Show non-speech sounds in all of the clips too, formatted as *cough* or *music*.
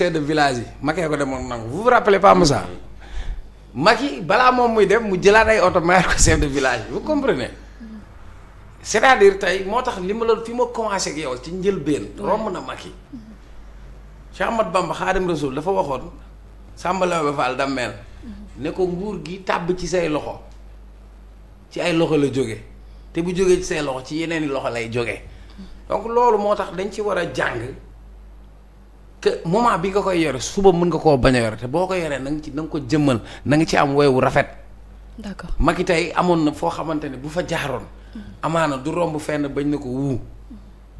chef de village yi Macky ko demoon nangu vous vous rappelez pas Moussa Macky balaa moom muy dem mu jëlaat ay oto mayaat ko chef de village vous comprenez c'est-à-dire tey moo tax li ma la fi ma commencé ak yow ci njëlbeen romb na Macky Cheikh Ahmad Bamba Xaadim Rasul dafa waxoon Samba Laobé Fall dammeel mhm. ne ko nguur gi tàbb ci say loxo ci ay loxo la jóge te bu jógee ci say loxo ci yeneen i loxo lay jóge mhm. donc loolu moo tax dañ ci war a jàng que moment bi nga koy yore suba mën nga koo bañ a yore te boo ko yoree na nga ci na nga ko jëmmal na nga ci am woy wu rafet. d'accord Macky tey amoon na foo xamante ne bu fa jaaroon. Mhm. amaana du romb fenn bañ na ko wuu.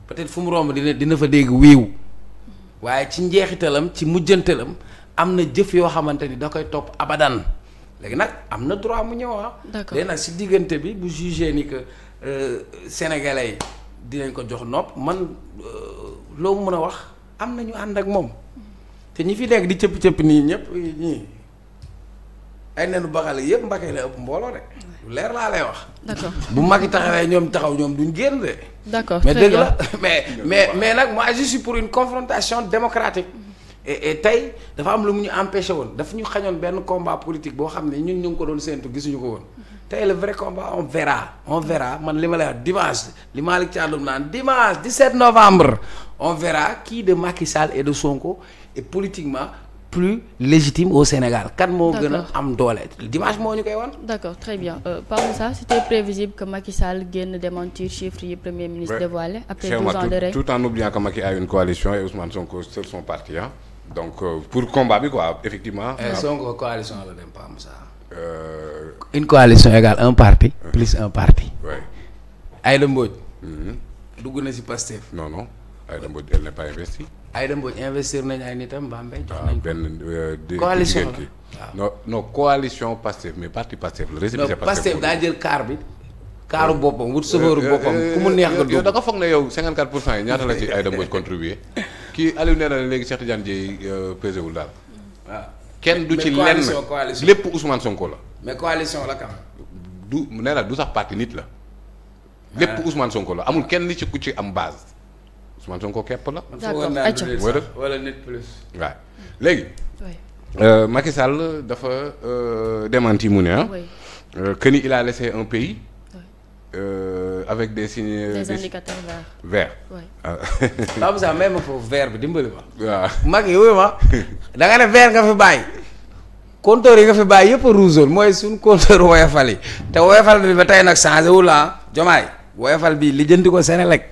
peut-être fu mu romb dina dina fa dégg wiiw. Mhm. waaye ci njeexitalam ci mujjantalam am na jëf yoo xamante ni da koy topp abadan léegi nag am na droit mu ñëw ah. nag si diggante bi bu jugee ni que euh, sénégalais dinañ ko jox nopp man euh, loo mën a wax. am na ñu ànd ak moom te ñi fi nekk di cëpp cëpp nii ñëpp ñii ay nenu baxale yëpp mbakee la ëpp mbooloo rek lu leer laa lay wax. d'accord bu mag yi taxawee ñoom taxaw ñoom duñ génn de. d'accord mais dëgg la *laughs* mais mais mais nag moi je pour une confrontation démocratique. Mm-hmm. et tey dafa am lu mu ñu empêché woon daf ñu xañoon benn combat politique boo xam ne ñun ñu ngi ko doon séentu gisuñu ko woon. Mm-hmm. te le vrai combat on verra on verra man li ma lay wax dimanche li Malick Thiandoum naan dimanche 17 novembre on verra qui de Macky Sall et de Sonko est politiquement plus légitime au Sénégal kan moo gën a am doole dimanche moo ñu koy wan d'accord très bien euh, parmi c'était prévisible que Macky Sall génn démentir chiffres yi premier ministre dévoilé après 12 ans de règne tout en oubliant que Macky a une et Ousmane Sonko seul son parti ah donc euh, pour combat bi quoi Euh... une coalition égale un parti. plus un parti. oui. Aïda hmm. dugg na si Pastef. non non Aïda Mbodj elle n'est pas investie. Aïda Mbodj investir nañ ay nitam Bambey jox ah, nañ benn deux coalition la non non coalition Pastef mais parti Pastef la. récépissé Pastef daa jël car bi. kaaru boppam wut chauffeur euh, boppam euh, ku mu neex nga dugg. da nga foog ne yow 54 pour cent yi ñaata la ci Aïda Mbodj contribuer *laughs* kii Aliou nee na léegi Cheikh Tidiane Dièye euh, pesé wul daal waaw. Ah. kenn du ci lenn lépp Ousmane Sonko la. mais coalition la kam du nee na du sax parti nit la. lépp ah. ousman Sonko la amul kenn ci ku ci am base Ousmane Sonko képp la. wala nit plus. waaw léegi. Euh, Macky Sall dafa euh, démenti mu ne ah. Euh, que ni un pays. avec des signes. Euh, des indicateurs verts. waaw am sax même foofu vert bi dimbali ma. waaw ah. mag yi wuyu ma *laughs* da nga ne vert nga fi bàyyi. compteur yi nga fi bàyyi yëpp a rougeoon mooy suñ compteur woyofal yi te woyofal bi ba tey nag changé wu la ah. jomaay woyofal bi lijjanti ko Senelec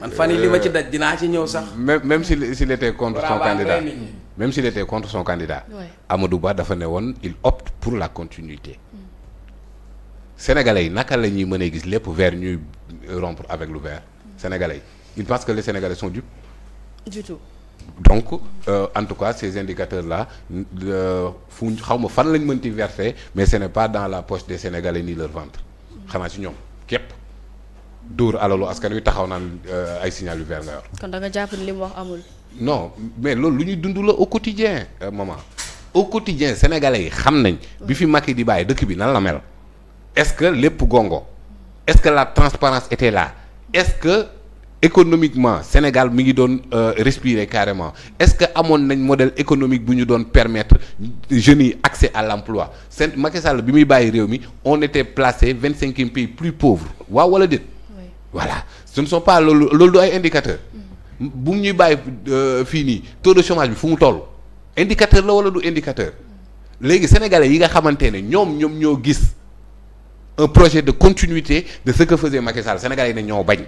man fan yi li ma ci daj dinaa ci ñëw sax. même même si si il était contre son candidat même s'il était contre son candidat. Amadou dafa ne woon il opte pour la continuité. sénégalais yi naka la ñuy mën a gis lépp vert ñuy rompre avec lu vert sénégalais yi ils pensent que les sénégalais sont dupes. du tout. donc euh, en tout cas ces indicateurs la euh, fu xaw ma fan lañ mënti verser mais ce n'est pas dans la poche des sénégalais ni leur ventre xanaa ci ñoom képp dóor alalu askan wi taxaw naan euh, ay signal yu vert nga yor. kon da nga jàpp ni li wax amul. non mais loolu lu ñuy dund la au quotidien euh, maman au quotidien sénégalais yi xam nañ. bi fi Macky di bàyyi dëkk bi nan la mel. est-ce que lépp gongo est-ce que la transparence était là est-ce que économiquement Sénégal mi ngi doon euh, respirer carrément est-ce que amoon nañ modèle économique bu ñu doon permettre jeunes yi accès à l'emploi seen Macky Sall bi muy bàyyi réew mi on était placé vingt-cinquième pays plus pauvre waaw wala déet voilà ce ne sont pas loolu loolu du ay indicateur mm. bu mu ñuy bàyyi euh, fii nii taux de chômage bi fu mu toll indicateur la wala du indicateur mm. léegi sénégalais yi nga xamante ne ñoom ñoom ñoo gis un projet de continuité de ce que faisait Macky Sall Sénégalais yi ne ñoo bañ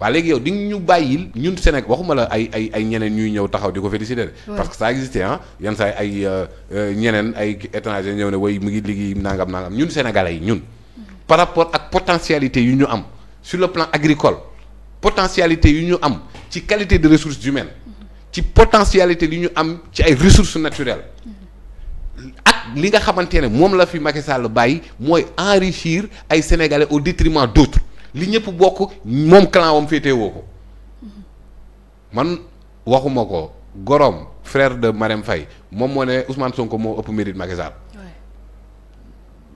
waa léegi yow di ñu bàyyil ñun Sénégal waxuma la ay ay ay ñeneen ñuy ñëw taxaw di ko féliciter parce que saa existait ah yan saa ay euh, euh, ñeneen ay étranger ñëw ne way mu ngi liggéey nangam nangam ñun Sénégalais yi ñun mm-hmm. par rapport ak potentialité yu ñu am sur le plan agricole potentialité yu ñu am ci qualité de ressources humaines mm-hmm. ci potentialité yu ñu am ci ay ressources naturelles mm-hmm. ak li nga xamante ne moom la fi Macky Sall bàyyi mooy enrichir ay sénégalais au détriment d'autres li ñëpp bokk moom clan wam féetee ko man waxuma ko gorom frère de Marème fay moom moo ne Ousmane Sonko moo ëpp mérite Macky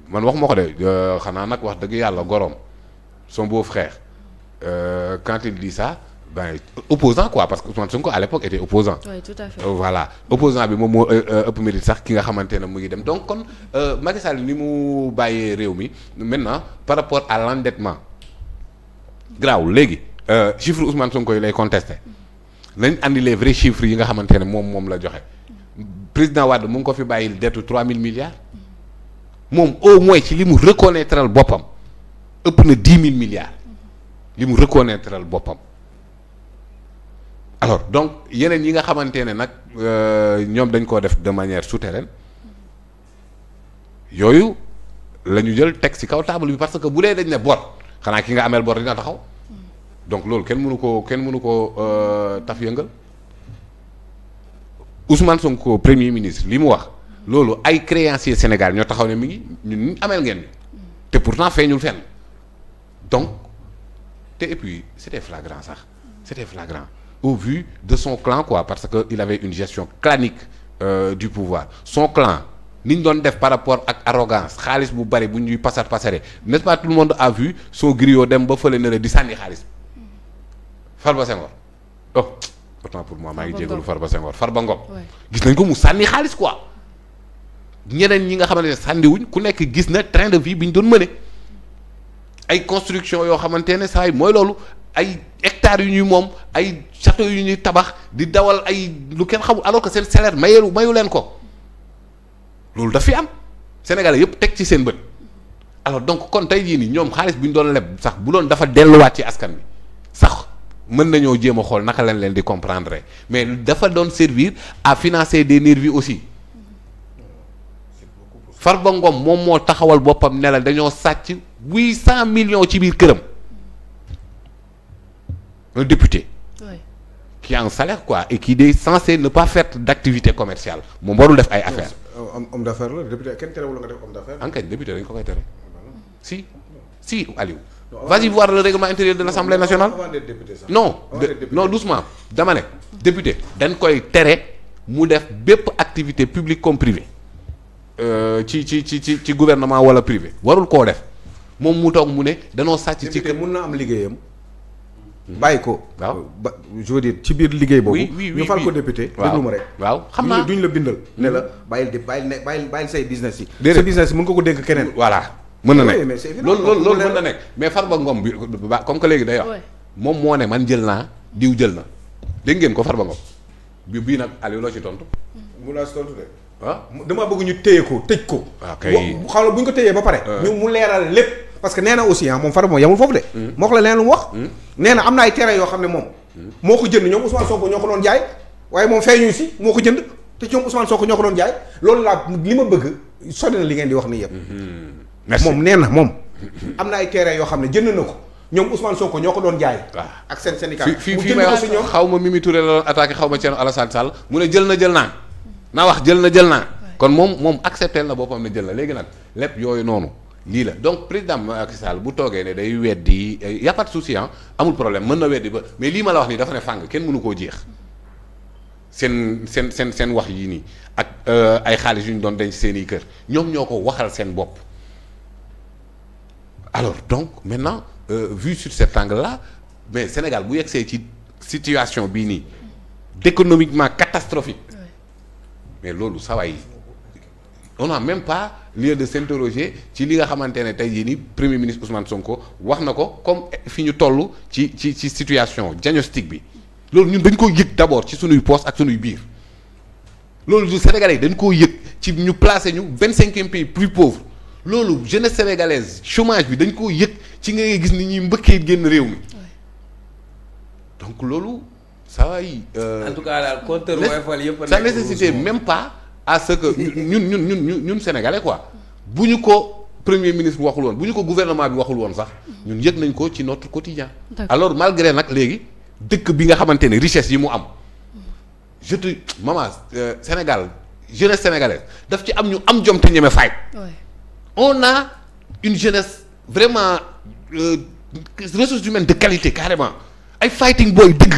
man waxuma ko de euh, xanaa nag wax dëgg yàlla gorom son beau frère euh, quand ben opposant quoi parce que Ousmane Sonko à l'époque était opposant euh, voilà opposant bi moom moo euh, euh, ëpp mérite sax ki nga xamante ne mu ngi dem donc kon Macky Sall ni mu bàyyee réew mi maintenant par rapport à l'endettement graaw léegi chiffre Ousmane Sonko yi lay contesté nañ andi les vrais chiffres yi nga xamante ne moom moom la joxe président Wade mu ngi ko fi bàyyil dettu mille milliards moom au moins ci li mu reconnaître boppam ëpp na 10 mille milliards li mu reconnaître boppam alors donc yeneen yi nga xamante ne nag euh, ñoom dañ koo def de manière souterraine yooyu la ñu jël teg ci kaw table bi parce que bu dee dañ ne bor xanaa ki nga ameel bor dina taxaw donc loolu kenn mënu koo kenn mënu koo euh, taf yëngal Ousmane Sonko premier ministre li mu wax loolu ay créancier Sénégal ñoo taxaw ne mi ngi ñun ameel ngeen te pourtant feeñul fenn donc te et puis e flagrant sax c'était flagrant. au vu de son clan quoi parce que il avait une gestion clanique euh, du pouvoir son clan ni ñu doon def par rapport ak arrogance xaalis bu bari bu ñuy pasar pasare n'est-ce pas tout le monde a vu son griot dem ba fële na di sànni xaalis Farba Senghor oh pourtant pour moi maa ngi jégalu Farba Senghor Farba Ngom gis nañ ko mu sànni xaalis quoi ñeneen ñi nga xamante ne sànniwuñ ku nekk gis na train de vie bi ñu doon mëne ay construction yoo xamante ne saa ay hectares yu ñuy moom ay château yu ñuy tabax di dawal ay lu kenn xamul alors que seen salaire mayeelu mayu leen ko loolu daf am Sénégalais yëpp teg ci seen bët alors donc kon tey jii nii ñoom xaalis bu ñu doon leb sax bu doon dafa delluwaat ci askan bi sax mën nañoo jéem a xool naka lañ leen di comprendre mais dafa doon servir à financer des nervis aussi far ba Ngom moom moo taxawal boppam ne la dañoo sàcc huit cent millions ci biir këram. un député. oui qui a un salaire quoi et qui est censé ne pas faire d' activité commerciale moom warul def ay affaires. Euh, homme d' affaire la député kenn terewul nga def homme d' affaire. Ah, en fait député dañ ko koy tere si si Aliou. vas-y voir le règlement intérieur de l'Assemblée nationale non non doucement dama ne député dañ koy tere mu def bépp activité publique comme privée euh, ci ci ci ci ci gouvernement wala privé warul koo def moom mu toog mu ne danoo sàcc ci mun na am liggéeyam bàyyi ko. waaw ba je veux dire ci biir liggéey boobu. ñu fal ko député. waaw déglu ma rek. waaw xam naa duñ la bindal. Hmm. ne la bàyyil de bàyyil ne bàyyil bàyyil say business yi. déedéet sa business mën nga ko dénk keneen. voilà mën na nekk loolu loolu loolu mën na nekk mais Farba Ngom bi comme que léegi day wax. moom moo ne man jël naa diw jël na dégg ngeen ko Farba Ngom bi bii nag Aliou loo ci tontu. mu laa si tontu de. Ah. damaa bëgg ñu téye ko tëj ko. waaw ah, kay xaw la bu ñu ko téyee ba pare. Ah. ñu mu leeral lépp parce que nee na aussi ah moom Farba moom yamul foofu de. Hmm. moo ko la leen lu mu wax. Hmm. nee na am na ay terrain yoo xam ne moom. Hmm. moo ko jënd ñoom Ousmane ñoo ko doon jaay waaye moom feeñu si ko jënd te ñoom Ousmane ko doon jaay loolu laa li ma bëgg na li ngeen di wax yëpp. moom nee na moom. am na ay terrain yoo xam ne jënd na ko. ñoom Ousmane Sonko ñoo ko doon jaay. waaw ah. ak seen syndicat. fi fi may ma Mimi Touré xaw ma Thierno Alassane Sall mu ne jël na jël naa naa wax jël na jël naa. kon moom moom accepté na boppam ne jël na léegi nag lépp yooyu noonu lii la donc président Macky Sall bu toogee ne day weddi euh, y a pas de souci amul problème mën na weddi ba mais lii ma la wax nii dafa ne fàng kenn mënu koo jeex seen seen seen seen wax yii nii ak euh, ay xaalis yu ñu doon dañ seeni kër ñoom ñoo ko waxal seen bopp alors donc maintenant euh, vu sur cet angle là mais Sénégal bu yegsee ci situation bii nii d'économiquement catastrophique mais loolu saa waay on lieu de s'interroger ci li nga xamante ne tey jii ni premier ministre Ousmane Sonko wax na ko comme fi ñu toll ci ci ci situation diagnostic bi loolu ñun dañ ko yëg d'abord ci suñuy poste ak sunuy biir loolu du dañ koo yëg ci ñu placé ñu vingt cinquième pays plus pauvre loolu jeunesse sénégalaise chômage bi dañ koo yëg ci nga gis ni ñuy mbëkkee génn réew mi donc loolu ça va yi. Euh, en tout cas daal compteur Woyofal yëpp. sa nécessité même pas. à ce que ñun ñun ñun ñun ñun sénégalais quoi bu ñu ko premier ministre waxul woon bu ñu ko gouvernement bi waxul woon sax ñun yëg nañ ko ci notre quotidien alors malgré nag léegi dëkk bi nga xamante ne richesse yi mu am je te maman euh, Sénégal jeunesse sénégalaise daf ci am ñu am jom te ñeme faay. on a une jeunesse vraiment euh, ressources humaines de qualité carrément ay fighting boy dëgg.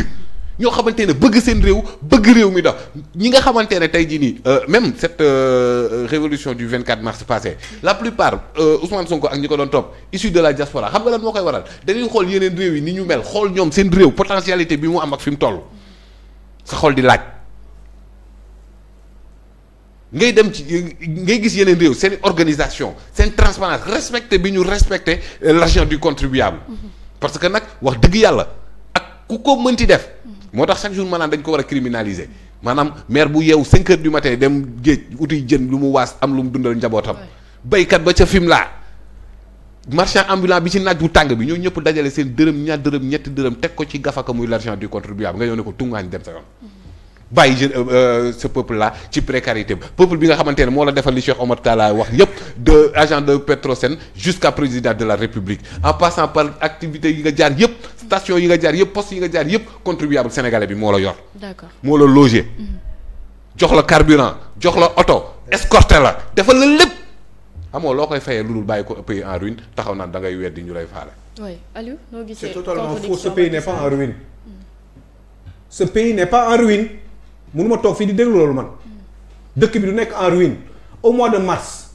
ñoo xamante ne bëgg seen réew bëgg réew mi dox ñi nga xamante ne tey jii nii euh, même cette euh, révolution du 24 mars passé la plupart euh, Ousmane Sonko ak ñi ko doon topp issu de la diaspora xam nga lan moo koy waral dañuy xool yeneen réew yi ni ñu mel xool ñoom seen réew potentialité bi mu am ak fi mu toll sa xol di laaj ngay dem ci ngay gis yeneen réew seen organisation seen transparence respecté bi ñu respecté l'argent du contribuable mm-hmm. parce que nag wax dëgg yàlla ak ku ko mënti def mm-hmm. moo tax chaque jour maanaam dañ ko war a criminaliser maanaam maire bu yeew 5 heures du matin dem géej uti jën lu mu waas am lu mu dundal njabootam. béykat ba ca Fimela. marchand ambulant bi ci naaj bu tàng bi ñoo ñëpp dajale seen dërëm ñaar dërëm ñetti dërëm teg ko ci gafaka muy l'argent du contribuable nga ñëw ne ko tungaan dem sa yoon. Mm-hmm. bàyyi je euh, euh, ce peuple là ci précarité bi peuple bi nga xamante ne moo la defal li Cheikh Omar Talla wax yépp de agent de Petrosen jusqu'à président de la République en passant par activité yi nga jaar yépp station yi nga jaar yépp poste yi nga jaar yépp contribuable sénégalais bi moo la yor. moo la logé. Mhm. jox la carburant jox la oto escorté la defal la lépp amoo loo koy fayee lu dul bàyyi ko pays en ruine taxaw naan dangay ngay weddi ñu lay faale. oui Aliou noo ma toog fii di déglu loolu man dëkk bi du nekk en ruine au mois de mars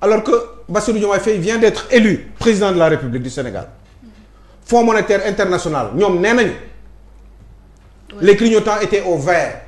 alors que Bassirou Diomaye Faye vient d'être élu président de la République du Sénégal Fonds monétaire international ñoom nee nañu les clignotants étaient au vert